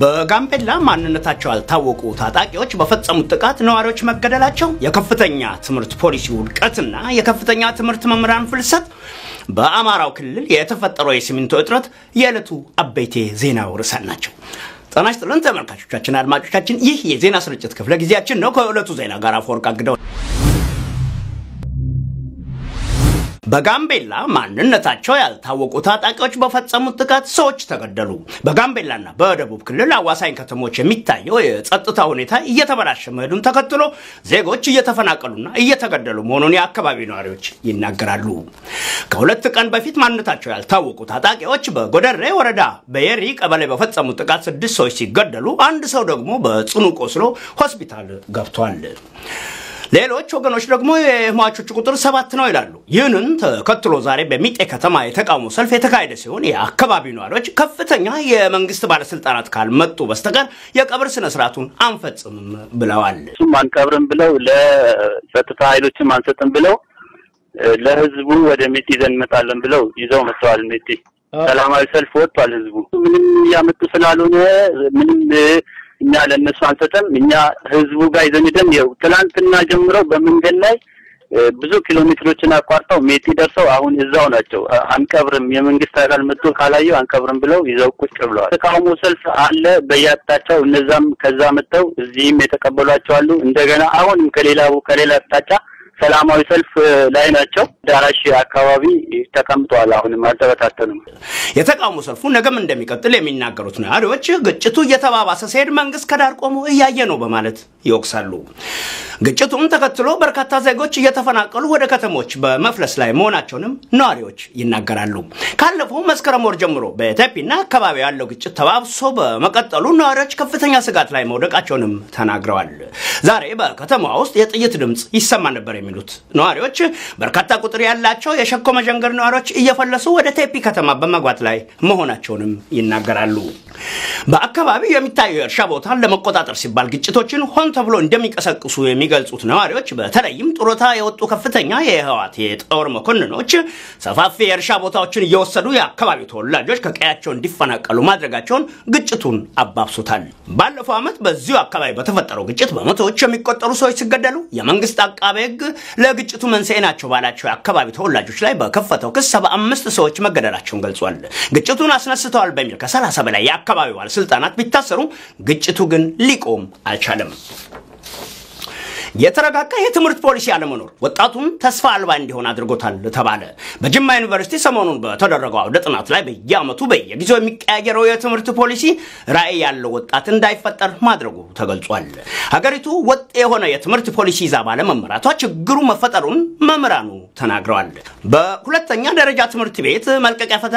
በጋምቤላ ማንነታቸው ያልታወቁ ታጣቂዎች በፈጸሙት ጥቃት ነዋሪዎች መገደላቸው፣ የከፍተኛ ትምህርት ፖሊሲ ውድቀትና የከፍተኛ ትምህርት መምህራን ፍልሰት፣ በአማራው ክልል የተፈጠረው የሲሚንቶ እጥረት የዕለቱ አበይቴ ዜናው ርዕሳን ናቸው። ጤና ይስጥልን ተመልካቾቻችን፣ አድማጮቻችን ይህ የዜና ስርጭት ክፍለ ጊዜያችን ነው። ከዕለቱ ዜና ጋር አፈወርቅ አግደው በጋምቤላ ማንነታቸው ያልታወቁ ታጣቂዎች በፈጸሙት ጥቃት ሰዎች ተገደሉ። በጋምቤላና በደቡብ ክልል አዋሳኝ ከተሞች የሚታየው የጸጥታ ሁኔታ እየተበላሸ መሄዱን ተከትሎ ዜጎች እየተፈናቀሉና እየተገደሉ መሆኑን የአካባቢ ነዋሪዎች ይናገራሉ። ከሁለት ቀን በፊት ማንነታቸው ያልታወቁ ታጣቂዎች በጎደሬ ወረዳ በየሪ ቀበሌ በፈጸሙት ጥቃት ስድስት ሰዎች ሲገደሉ፣ አንድ ሰው ደግሞ በጽኑ ቆስሎ ሆስፒታል ገብቷል። ሌሎች ወገኖች ደግሞ የሟቾች ቁጥር ሰባት ነው ይላሉ። ይህንን ተከትሎ ዛሬ በሚጤ ከተማ የተቃውሞ ሰልፍ የተካሄደ ሲሆን የአካባቢው ነዋሪዎች ከፍተኛ የመንግስት ባለስልጣናት ካልመጡ በስተቀር የቀብር ስነ አንፈጽምም ብለዋል። እሱም አንቀብርም ብለው ለጸጥታ ኃይሎችም አንሰጥም ብለው ለህዝቡ ወደ ሚጤ ይዘን እንመጣለን ብለው ይዘው መጥተዋል። ሚጤ ሰላማዊ ሰልፍ ወጥቷል። ህዝቡ ምንም እያመጡ ስላልሆነ ምንም እኛ ለእነሱ አንሰጠም። እኛ ህዝቡ ጋር ይዘን ይኸው ትናንትና ጀምረው በመንገድ ላይ ብዙ ኪሎ ሜትሮችን አቋርጠው ሜጢ ደርሰው አሁን እዛው ናቸው። አንቀብርም፣ የመንግስት አካል መጥቶ ካላየው አንቀብርም ብለው ይዘው ቁጭ ብለዋል። ተቃውሞ ሰልፍ አለ በየአቅጣጫው። እነዛም ከዛ መጥተው እዚህም የተቀበሏቸው አሉ። እንደገና አሁንም ከሌላ ከሌላ አቅጣጫ ሰላማዊ ሰልፍ ላይ ናቸው። ዳራሽ አካባቢ ተቀምጠዋል። አሁንም አልተበታተኑም። የተቃውሞ ሰልፉ ነገም እንደሚቀጥል የሚናገሩት ነዋሪዎች ግጭቱ እየተባባሰ ሲሄድ መንግስት ከዳር ቆሞ እያየ ነው በማለት ይወቅሳሉ። ግጭቱም ተከትሎ በርካታ ዜጎች እየተፈናቀሉ ወደ ከተሞች በመፍለስ ላይ መሆናቸውንም ነዋሪዎች ይናገራሉ። ካለፈው መስከረም ወር ጀምሮ በቴፒና አካባቢ ያለው ግጭት ተባብሶ በመቀጠሉ ነዋሪዎች ከፍተኛ ስጋት ላይ መውደቃቸውንም ተናግረዋል። ዛሬ በከተማ ውስጥ የጥይት ድምፅ ይሰማ ነበር የሚሉት ነዋሪዎች በርካታ ቁጥር ያላቸው የሸኮ መዠንገር ነዋሪዎች እየፈለሱ ወደ ቴፒ ከተማ በመግባት ላይ መሆናቸውንም ይናገራሉ። በአካባቢው የሚታየው የእርሻ ቦታን ለመቆጣጠር ሲባል ግጭቶችን ሆን ተብሎ እንደሚቀሰቅሱ የሚገልጹት ነዋሪዎች በተለይም ጡረታ የወጡ ከፍተኛ የህወሓት የጦር መኮንኖች ሰፋፊ የእርሻ ቦታዎችን እየወሰዱ የአካባቢው ተወላጆች ከቀያቸው እንዲፈናቀሉ ማድረጋቸውን ግጭቱን አባብሶታል። ባለፈው ዓመት በዚሁ አካባቢ በተፈጠረው ግጭት በመቶዎች የሚቆጠሩ ሰዎች ሲገደሉ የመንግስት አቃቤ ህግ ለግጭቱ መንስኤ ናቸው ባላቸው የአካባቢ ተወላጆች ላይ በከፈተው ክስ 75 ሰዎች መገደላቸውን ገልጿል። ግጭቱን አስነስተዋል በሚል ከ30 በላይ የአካባቢው ባለስልጣናት ቢታሰሩ ግጭቱ ግን ሊቆም አልቻለም። የተረጋጋ የትምህርት ፖሊሲ አለመኖር ወጣቱም ተስፋ አልባ እንዲሆን አድርጎታል ተባለ። በጅማ ዩኒቨርሲቲ ሰሞኑን በተደረገው አውደ ጥናት ላይ በየአመቱ በየጊዜው የሚቀያየረው የትምህርት ፖሊሲ ራዕይ ያለው ወጣት እንዳይፈጠር ማድረጉ ተገልጿል። ሀገሪቱ ወጥ የሆነ የትምህርት ፖሊሲ ይዛ ባለመመራቷ ችግሩ መፈጠሩን መምህራኑ ተናግረዋል። በሁለተኛ ደረጃ ትምህርት ቤት መልቀቂያ ፈተና